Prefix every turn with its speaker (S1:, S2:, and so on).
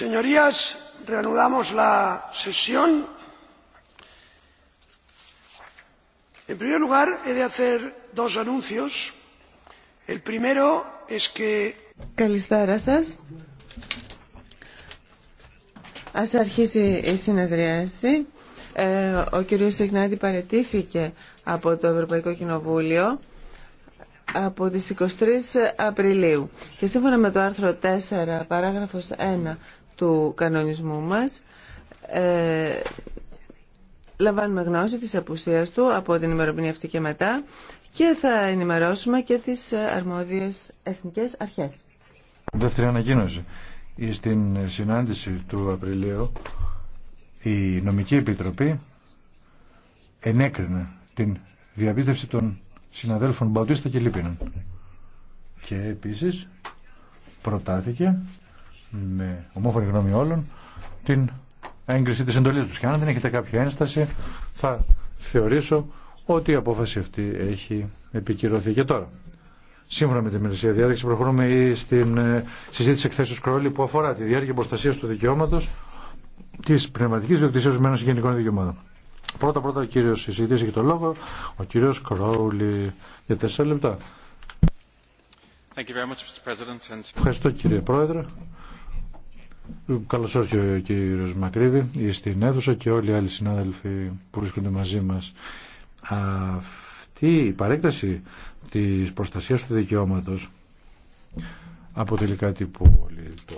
S1: Señorías, reanudamos la sesión. En primer lugar, he de hacer dos anuncios. El primero es que...
S2: Καλησπέρα σα. Ας αρχίσει η συνεδρίαση. Ε, ο κύριος Σιγνάτη παρετήθηκε από το Ευρωπαϊκό Κοινοβούλιο από τις 23 Απριλίου και σύμφωνα με το άρθρο 4 παράγραφος 1 του κανονισμού μας ε, λαμβάνουμε γνώση της απουσίας του από την ημερομηνία αυτή και μετά και θα ενημερώσουμε και τις αρμόδιες εθνικές αρχές.
S3: Δεύτερη ανακοίνωση. Στην συνάντηση του Απριλίου η Νομική Επιτροπή ενέκρινε την διαπίστευση των συναδέλφων Μπαουτίστα και Λίπινων. Και επίσης προτάθηκε με ομόφωνη γνώμη όλων την έγκριση της εντολής τους. Και αν δεν έχετε κάποια ένσταση θα θεωρήσω ότι η απόφαση αυτή έχει επικυρωθεί και τώρα. Σύμφωνα με τη μερισσία διάταξη προχωρούμε στην ε, συζήτηση εκθέσεως Κρόλη που αφορά τη διάρκεια προστασία του δικαιώματο της πνευματικής διοκτησίας μένων συγγενικών δικαιωμάτων. Πρώτα πρώτα ο κύριος συζητή έχει το λόγο, ο κύριο Κρόουλη για τέσσερα λεπτά. Ευχαριστώ κύριε Πρόεδρε. Καλώ ήρθατε κύριε κύριο Μακρύβη στην αίθουσα και όλοι οι άλλοι συνάδελφοι που βρίσκονται μαζί μα. Αυτή η παρέκταση τη προστασία του δικαιώματο αποτελεί κάτι πολύ το